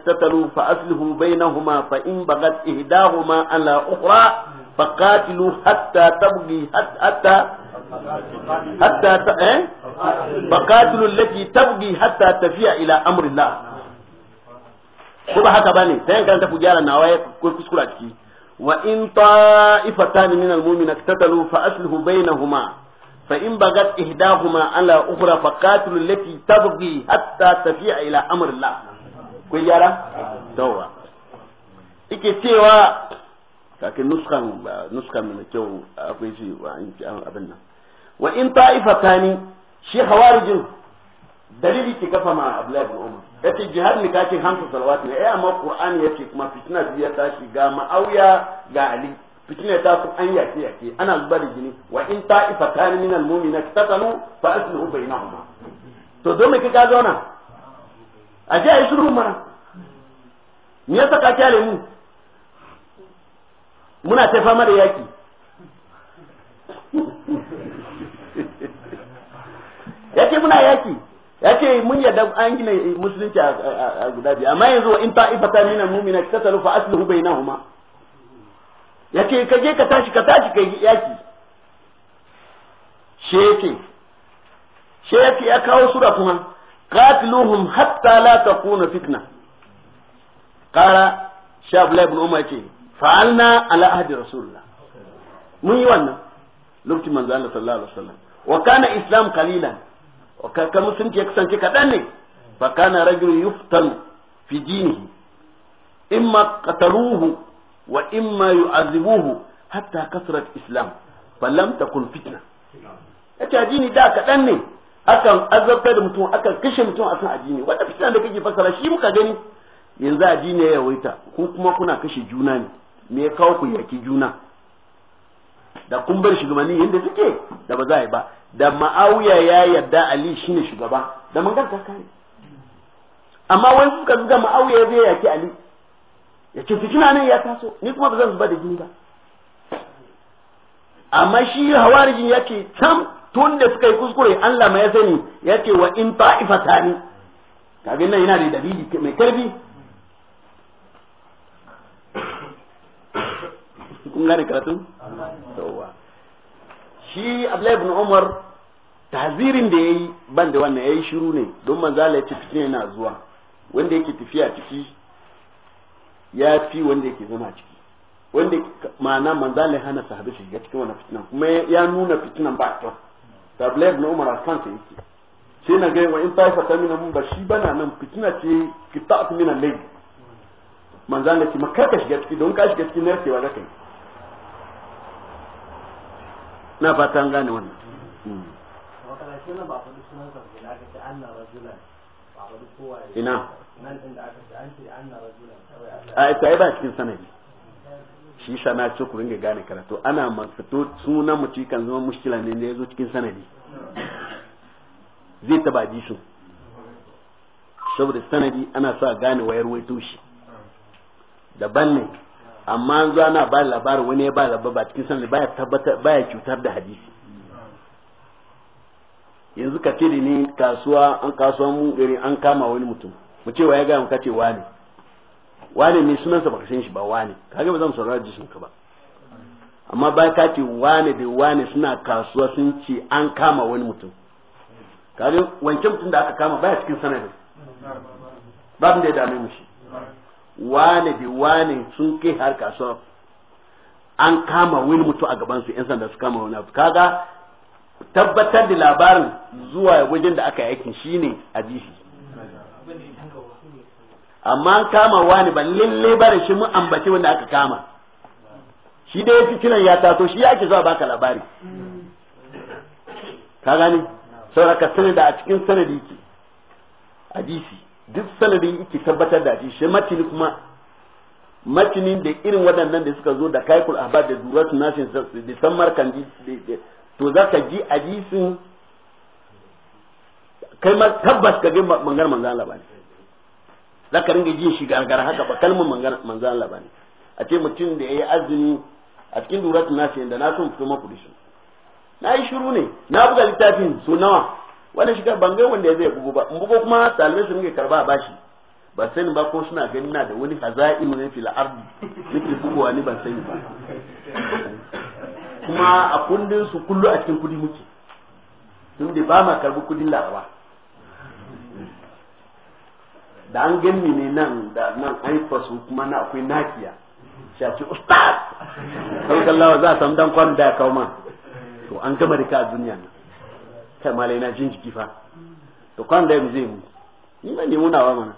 fa aslihu bai huma fa in ba ka tsi da huma an la فقاتلوا حتى تبغي حتى حتى فقاتلوا التي تبغي حتى تفيء الى امر الله ko ba haka bane sai kan tafi gyara nawa ya kuskura ciki wa in ta'ifatan min almu'mina iktatalu fa aslihu bainahuma fa in bagat ihdahuma ala ukhra fa qatilu allati tabghi hatta tafi'a ila amrillah ko gyara dawa ike cewa kakin nuskan nuskan mai kyau akwai shi wa an ci abin nan wa in tani shi hawarijin dalili ki kafa ma Abdullahi bin Umar yace jihad ni kake hamsa salawat ne eh amma Qur'ani yace kuma fitina biya ta ga ma'auya ga Ali fitina ta su an yake yake ana zuba da jini wa in tani min al-mu'mina tatanu fa aslihu bainahuma to don me kika zauna a je a yi shiru mana me yasa ka kyale mu muna ta fama da yaki ya ce muna yaki ya ce mun yadda an gina musulunci a guda biyu amma yanzu in ta ifata mina mumina ta talu fa na bainahuma ya ce ka je ka tashi ka tashi ka yaki she yake she yake ya kawo sura kuma qatiluhum hatta la kuna fitna Kara sha ibn umar ce fa'alna ala ahdi rasulullah mun yi wannan lokacin manzo Allah sallallahu alaihi wasallam wa kana islam qalilan wa kaka musulunci ya kasance kadan ne fa kana rajul yuftan fi dinihi imma qataluhu wa imma yu'adhibuhu hatta kasrat islam falam takun fitna yace addini da kadan ne akan azabtar da mutum akan kashe mutum a kan addini wanda fitina da kake fasara shi muka gani yanzu addini ya yawaita ko kuma kuna kashe juna ne me ya kawo ku yaki juna da kun bar shugabanni yadda suke da ba za a yi ba da ma'awiya ya yarda ali shine shugaba da mangar ta kare amma wani suka zuga ma'awiya zai yaki ali ya ce fitina nan ya taso ni kuma ba zan zuba da jini ba amma shi hawarijin ya ce can tun da suka yi kuskure Allah ma ya sani ya ce wa in ta'ifatani kaga nan yana da dalili mai karfi kun gane karatu yawa shi Abdullahi ibn Umar tazirin da yayi ban da wannan yayi shiru ne don manzo Allah ya ce fitina yana zuwa wanda yake tafiya ciki ya fi wanda yake zama ciki wanda ma'ana manzo Allah hana sahabi ga cikin wannan fitina kuma ya nuna fitinan ba kyau Abdullahi ibn Umar a kansa yake sai na ga wa in taifa ta mina mun ba shi bana nan fitina ce kita'at a al-layl manzo Allah ce makar ka shiga ciki don ka shiga cikin narkewa zaka yi na fatan an gane wannan hmm. ina a ita ba cikin sanadi shi sa na ce ku gane karatu ana mafito sunan mutum kan zama mushkila ne da ya zo cikin sanadi zai taba ji su saboda sanadi ana sa gane wayar waito shi daban ne amma an zo ana ba labarin wani ya ba labarin ba cikin sanin baya tabbatar baya cutar da hadisi yanzu ka kiri ne kasuwa an kasuwa mu gari an kama wani mutum mu ce wa ya gaya mu kace wani wani ne sunansa baka san shi ba wani kaga ba zan saurara jishin ka ba amma ba ka ce wani da wani suna kasuwa sun ce an kama wani mutum kaga wancan mutum da aka kama baya cikin sanadin babin da ya dame mu shi Wani bi wani sun kai har kasuwa an kama wani mutu a gaban yan sanda su kama wani abu kaga tabbatar da labarin zuwa wajen da aka yakin shine a jishi amma an kama wani ba lalle barin shi mun ambaci wanda aka kama shi dai fitinan ya taso shi yake zuwa baka labari ka gani sauraka sanada a cikin sanadi ke hadisi duk sanadin yake tabbatar da shi matini kuma matinin da irin waɗannan da suka zo da kaikul ahbab da durat nashin da san kandi to za ka ji hadisin kai ma tabbas ka ga mangar manzan Allah bane za ka ringa jin shi gargara haka ba kalmar mangar manzan Allah bane a ce mutum da yayi azumi a cikin durat nashin da na son fito maku da shi na yi shiru ne na buga littafin so nawa wannan shiga bangai wanda ya zai bugu ba bugu kuma talibai sun rinke karba ba shi ba sani ba ko suna ganin na da wani haza'i ne fil ardi yake bugowa ni ban sani ba kuma a kundin su kullu a cikin kudi muke tun da ba ma karbi kudin laraba da an ganni ne nan da nan an fasu kuma na akwai nakiya shaci ustaz sallallahu za a samu dan kwan da ya kawo man to an gama da ka a duniya nan kai malai na jin jiki fa to kwan da zai mu ni ba nemo nawa mana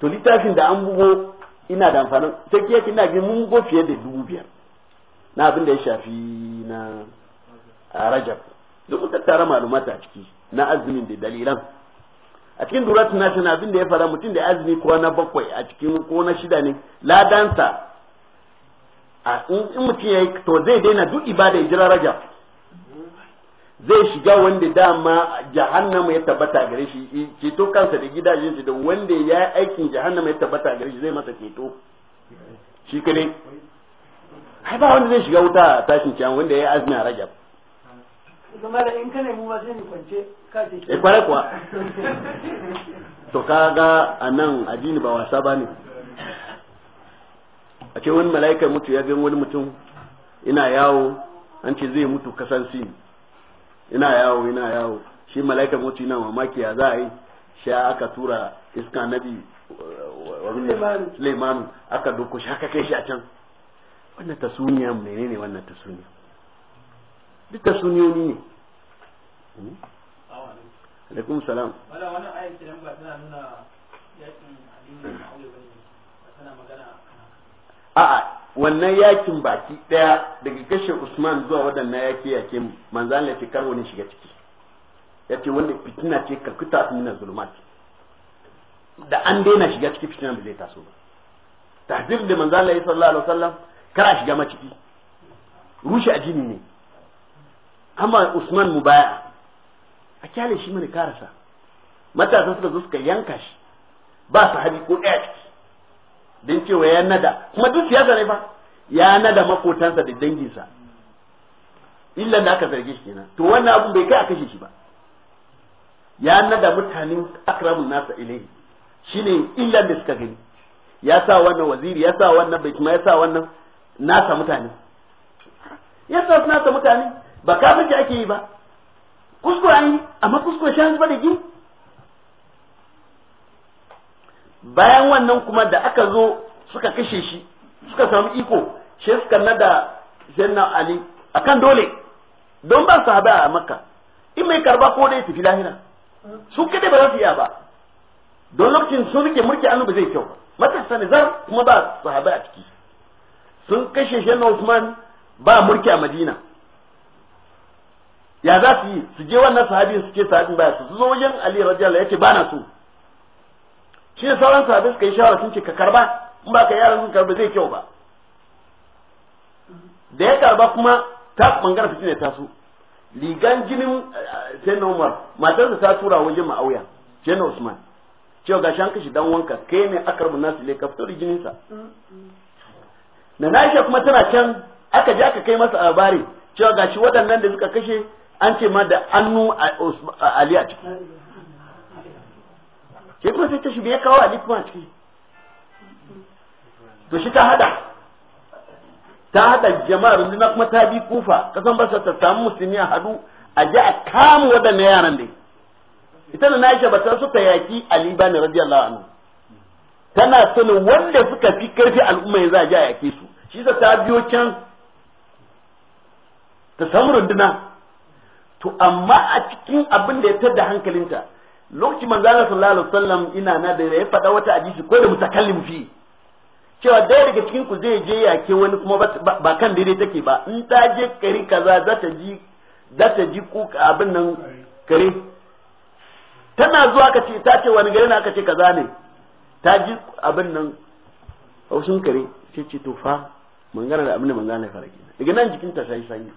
to littafin da an bugo ina da amfanin sai kiyaki ina gani mun bugo fiye da dubu biyar na abin da ya shafi na rajab duk mun tattara malumata a ciki na azumin da dalilan a cikin durat national abin da ya fara mutum da azumi ko na bakwai a cikin ko na shida ne ladansa in mutum ya yi to zai daina duk ibada ya jira rajab zai shiga wanda dama jahannama ya tabbata gare shi ceto kansa da gidajen shi da wanda ya aikin jahannama ya tabbata gare shi zai masa ceto shi kadai ai ba wanda zai shiga wuta a tashin ciyan wanda ya azumi a rajab kuma da in kana mu ma zai ni kwance ka ce eh kware kuwa to kaga anan addini ba wasa bane a ce wani mala'ikar mutu ya gan wani mutum ina yawo an ce zai mutu kasan sini. ina yawo ina yawo shi malaikar mutu yana mamaki ya za a yi sha aka tura iska nabi eh, Suleimanu aka doko shi aka kai shi a can wannan tasuniya menene wannan tasuniya duk tasuniyoyi ne hmm? alaikum salam wala wani ayat kiran tana nuna yakin a ba tana magana a'a wannan yakin baki daya daga kashe Usman zuwa wadannan yaki yake Manzan Allah ce kar wani shiga ciki Ya ce wanda fitina ce karkuta min zulmati da an daina shiga ciki fitina ba zai taso ba Tahdir da Manzan Allah sallallahu alaihi wasallam kar a shiga ma ciki rushe jini ne amma Usman mu baya. a kyale shi mana karasa matasa suka zo suka yanka shi ba sahabi ko ɗaya ciki don cewa ya nada kuma duk siyasa ne fa ya nada makotansa da danginsa illa da aka zarge shi kenan to wannan abun bai kai a kashe shi ba ya nada mutanen akramun nasa ilaihi shine illa da suka gani ya sa wannan waziri ya sa wannan bai kuma ya sa wannan nasa mutane ya sa nasa mutane ba kafirci ake yi ba kuskure an yi amma kuskure shi zuba da gini bayan wannan kuma da aka zo suka kashe shi suka samu iko shi suka nada janna ali akan dole don ba sahaba a makka in mai karba ko dai tafi lahira su kada ba za su iya ba don lokacin sun rike mulki annu ba zai kyau matasa ne zar kuma ba sahaba a ciki sun kashe shi na Usman ba mulki a Madina ya za su yi su je wannan sahabin su ce sahabin baya su zo wajen Ali radiyallahu ce ba na so shi da sauran sahabbai suka yi shawara sun ce ka karba in ba ka yaran sun karba zai kyau ba da ya karba kuma ta bangaren fitin ta taso ligan jinin eh, eh, sayyidina Umar matarsa ta tura wajen Ma'auya sayyidina Usman cewa ga shan kashi dan wanka kai ne aka rubuta nasu ne ka fito da jininsa na Aisha kuma tana can aka ji aka kai masa labari cewa ga shi waɗannan da suka kashe an ce ma da annu Ali a ciki shi kuma sai ta shi ya kawo a kuma ciki to shi ta hada ta hada jama'a runduna kuma ta bi kufa kasan ba ta samu musulmi a hadu a ji a kama waɗannan yaran dai ita da Aisha ba ta suka yaki Ali ne radiyallahu anhu tana sanin wanda suka fi karfi al'umma ya za a yake su shi ta biyo can ta samu runduna to amma a cikin abin da ya tada hankalinta lokacin manzala sallallahu alaihi wasallam ina na da ya faɗa wata hadisi ko da mutakallim fi cewa dai daga cikin ku zai je yake wani kuma ba kan daidai take ba in ta je kare kaza za ta ji za ta ji ku abin nan kare tana zuwa ka ce ta ce wani gari na aka ce kaza ne ta ji abin nan haushin kare sai ce to fa mangana da abin da mangana ya fara ke daga nan jikin ta sai sanyi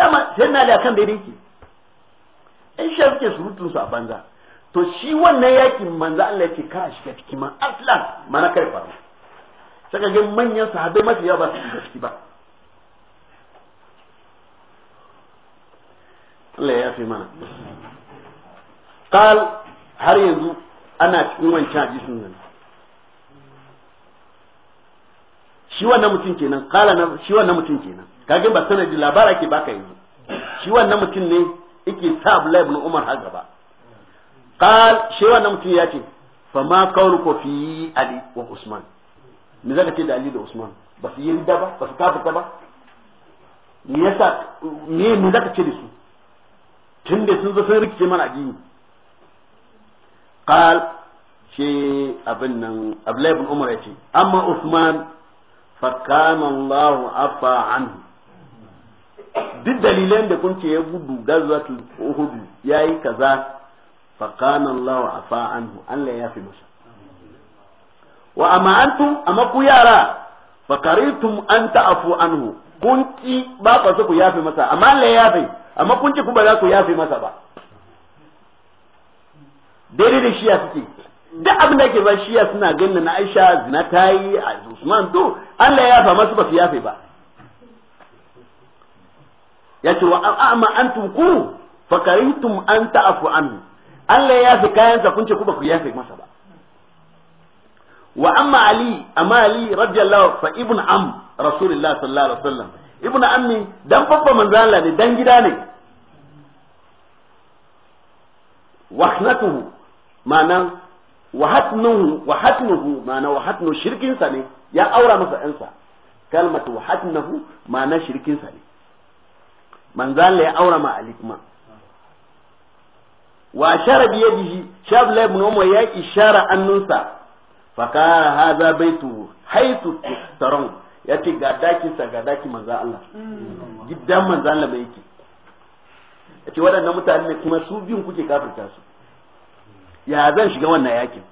dama sai na da kan daidai ke in sha suke surutun su a banza to shi wannan yakin manzo Allah yake kara shiga cikin ma aslan mana kai faru saka ga manyan sahabbai mafi yawa ba su shiga ba Allah ya fi mana qal har yanzu ana cikin wancan hadisin nan shi wannan mutum kenan qala na shi wannan mutum kenan kage ba sanadi labara ke baka yanzu shi wannan mutum ne yake sa Abdullahi ibn Umar har gaba قال shi wannan mutum ya ce fa ma qawluka fi ali wa usman me zaka ce da ali da usman ba su yi ridda ba ba su kafirta ba me yasa me me zaka ce da su tunda sun zo sun rikice shi yace amma usman duk dalilan da kun ce ya gudu gazuwa ya yayi kaza فقال الله عفا عنه ألا يافي مسا وأما أنتم أما كيارا فقريتم أن تعفو عنه كنت باقا سكو يافي مسا أما لا يافي أما كنت كبا لا يافي مسا با dare da shiya suke duk abin da ke ba shiya suna ganin na Aisha zina ta yi a Usman to ba su yafe ba ya ce wa amma antum ku fa karihtum an ta'fu anhu Allah ya yafe kayansa kun ce kuma ku yafe masa ba wa amma ali amma ali radiyallahu fa ibn am rasulullah sallallahu alaihi wasallam ibn ammi dan babba manzo Allah ne dan gida ne wa ma'ana ma'ana shirkin sa ne ya aura masa ɗansa kalmatu ma'ana shirkin sa ne manzo Allah ya aura ma ali kuma wa shara biye bihi shab la ibn umar ya ishara annunsa fa qala hadha baitu haitu ya ce ga dakin sa ga daki manzo Allah gidan manzo Allah bai yake ce waɗannan mutane ne kuma su biyun kuke kafirta su ya zan shiga wannan yakin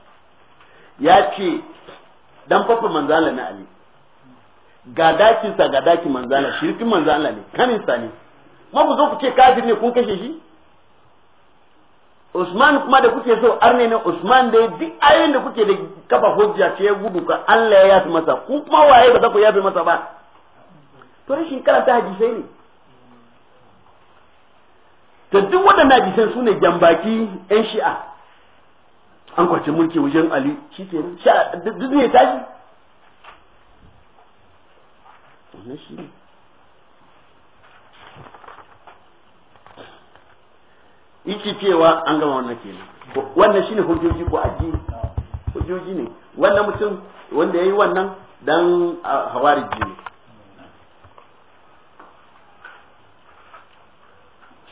ya ce dan fafa Allah na Ali ga dakinsa ga dakin Allah shirkin Allah ne kaninsa ne ma ku zo ku ce kafir ne kun kashe shi Usman kuma da kuke so arne ne Usman da duk ayoyin da kuke da kafa hujja ce ya gudu ka Allah ya yafi masa ku kuma waye ba za ku yafi masa ba to rashin karanta hadisai ne to duk waɗannan hadisan su ne jambaki yan shi'a an kwace mulki wajen Ali shi ke duk ne tashi wannan shi ne yake cewa an gama wannan kenan wannan shine hujjoji ko addini hujjoji ne wannan mutum wanda yayi wannan dan hawariji ne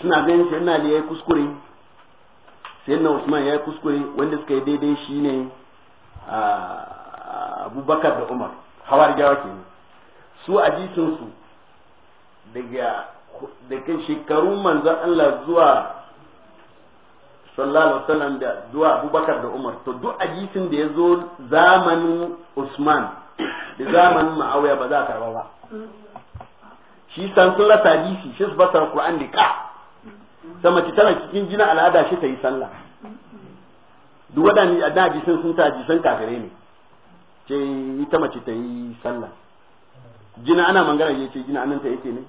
suna ganin sai na yayi kuskure sai na Usman yayi kuskure wanda suka yi daidai shine Abubakar da Umar hawarijawa kenan su ajisun su daga da shekarun manzon Allah zuwa sallallahu alaihi wasallam da zuwa Abubakar da Umar to duk ajisin da ya zo zamanin Usman da zamanin Muawiya ba za a karba ba shi san sun rasa hadisi shi su basar Qur'an da ka ta mace tana cikin jina al'ada shi ta yi sallah duk waɗannan a daji sun ta hadisan kafire ne ce ita mace ta yi sallah jina ana mangana ya ce jina anan ta yake ne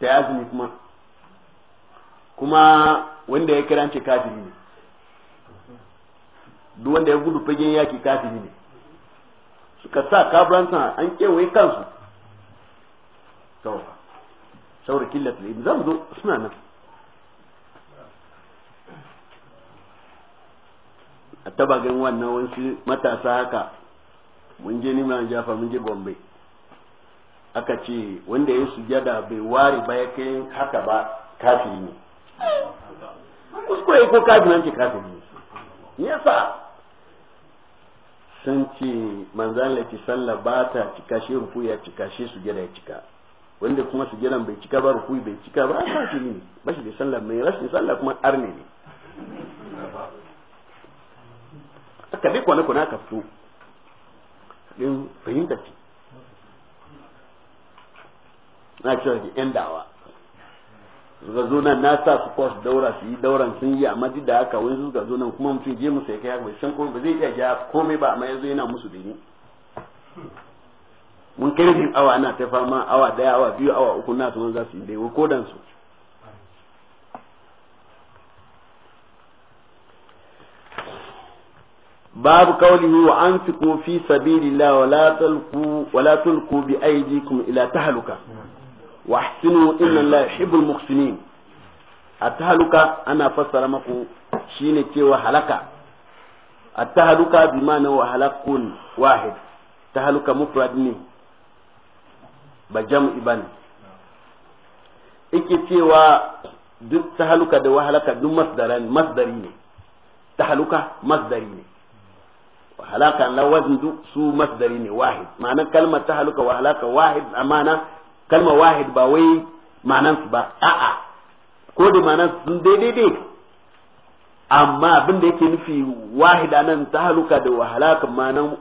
ta azumi kuma kuma wanda ya kira ce kafiri ne duk wanda ya gudu fagen yaki kafiri ne suka sa kaburansa an kewaye kansu to saboda killa ne zo suna nan a taba gan wannan wasu matasa haka mun je nima jafa mun je gombe aka ce wanda ya sujada bai ware ba ya kai haka ba kafiri ne ko ko kafin ce kafin ne yasa sun ce manzan laifi sallah ba ta cika shi rufu ya cika shi su gida ya cika wanda kuma su gidan bai cika ba rufu bai cika ba ba shi ne ba shi da sallah mai rashin sallah kuma arne ne aka bi kwana kwana ka fito din fahimta ce na cewa da yan dawa suka zo nan na sa su kwas daura su yi dauran sun yi amma duk da haka wani suka zo nan kuma mutum je musu ya kai haka bai san ba zai iya ja komai ba amma yanzu yana musu dini mun kai rufin awa ana ta fama awa daya awa biyu awa uku na sun za su yi daiwa kodan su babu قوله wa في سبيل الله ولا تلقوا ولا تلقوا بايديكم الى تهلكه wa ahsinu inna la yuhibbul muhsinin at-tahluka ana fassara maku shine cewa halaka at-tahluka bi ma'ana wa halakun wahid Tahaluka mufrad ne ba jam'i bane yake cewa duk tahaluka da wahalaka duk masdari masdari ne tahaluka masdari ne wahalaka na wazin su masdari ne wahid ma'anar kalmar tahaluka wahalaka wahid amana kalma wahid ba wai ma'anan su ba a'a ko da ma'anan sun daidai dai amma abin da yake nufi wahida nan ta haluka da wahalaka ma'anan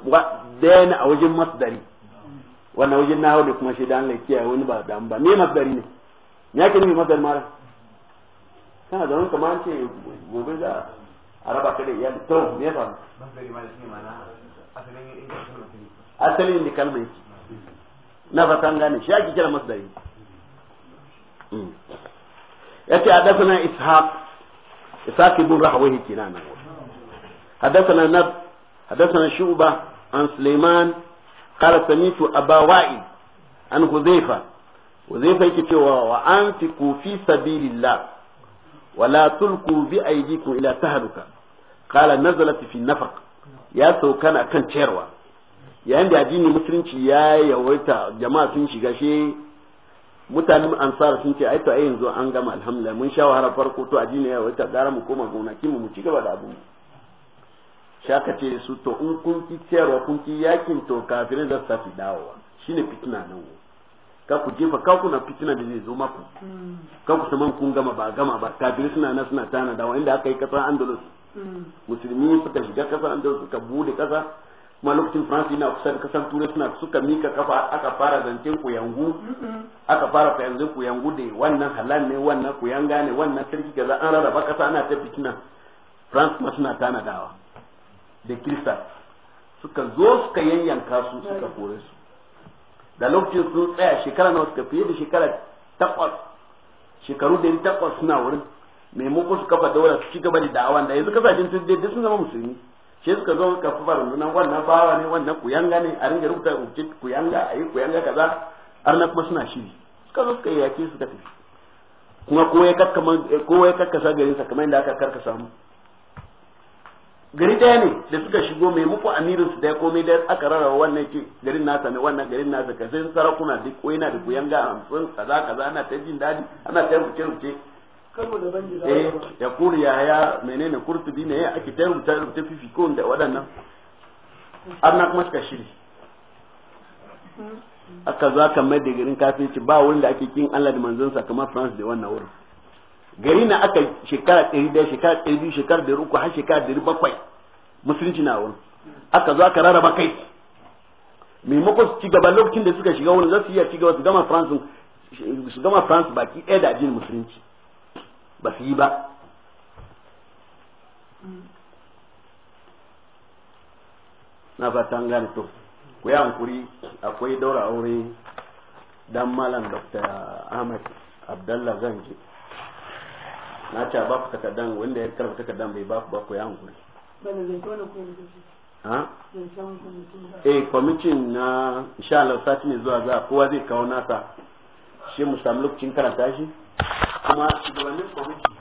dayan a wajen masdari wannan wajen nahawu da kuma shaidan Allah kiyaye wani ba da ba me masdari ne me yake nufi masdari mara kana da wani kamar ce gobe za a raba ka da iyali to me ya faru masdari ma shi ma'ana asalin inda kalmar asalin inda kalmar yake na fatan gane shi ake kira masdari hmm. yace hadathana ishaq ishaq ibn rahwahi kenan hadathana nab hadathana shuba an sulaiman qala samitu aba an huzaifa huzaifa yake cewa wa anfiqu fi sabilillah ولا تلقوا بأيديكم إلى تهلكة قال نزلت في النفق يا سو كان كان شيروا yayin da addinin musulunci ya yawaita jama'a sun shiga shi mutanen ansar sun ce ai to ai yanzu an gama alhamdulillah mun sha wahala farko to addini ya yawaita gara mu koma gonaki mu mu ci gaba da abun shaka ce su to in kun ki ciyarwa kun ki yakin to kafirin za su tafi dawowa shine fitina nan ka ku jefa ka kuna fitina da zai zo maku mm. ka ku saman kun gama ba gama ba kafirai suna nan suna tana dawa inda aka yi kasar andalus mm. musulmi suka shiga kasar andalus suka bude kasa kuma lokacin faransa yana kusa da kasar turai suna suka mika kafa aka fara zancen kuyangu aka fara kuyanzu kuyangu da wannan halal ne wannan kuyanga ne wannan sarki gaza an rarraba kasa ana ta fitina france kuma suna tanadawa da kirista suka zo suka yanyanka su suka kore su da lokacin sun tsaya shekara nawa suka fiye da shekara takwas shekaru da takwas suna wurin maimakon su kafa daura su ci gaba da da'awan da yanzu kasashen sun dai sun zama musulmi shi suka zo ka fi rundunan wannan bawa ne wannan kuyanga ne a ringa rubuta rubuce kuyanga a yi kuyanga kaza har na kuma suna shiri suka zo suka yaki suka tafi kuma kowa eh, ya karkasa sa kamar yadda aka karkasa mu gari daya ne da suka shigo mai muku amirin su da komai da aka rarraba wannan ke garin nasa ne wannan garin nasa ka sai sarakuna duk ko yana da kuyanga ga hamsin kaza kaza ana ta jin daɗi ana ta rubuce rubuce eh ya kuri ya ya menene kurtubi ne ake ta rubuta rubuta fifikon da waɗannan na kuma suka shiri aka za ka mai da garin kafinci ba wanda ake kin Allah da sa kamar France da wannan wurin gari na aka shekara 100 shekara 200 shekara ɗari uku har shekara ɗari bakwai musulunci na wurin aka zo aka rarraba kai maimakon su ci gaba lokacin da suka shiga wurin za su iya ci gaba su gama France su gama France baki ɗaya da addinin musulunci ba su yi ba na fatan gane to ku yi hankuri akwai daura aure dan malam dr ahmad abdallah zanji na ce ba ku takardan wanda ya karfa takardan bai ba ku ba ku yi hankuri eh kwamitin na insha Allah sati ne zuwa za kowa zai kawo nasa shi mu samu lokacin karanta shi Ama güvenlik konu ki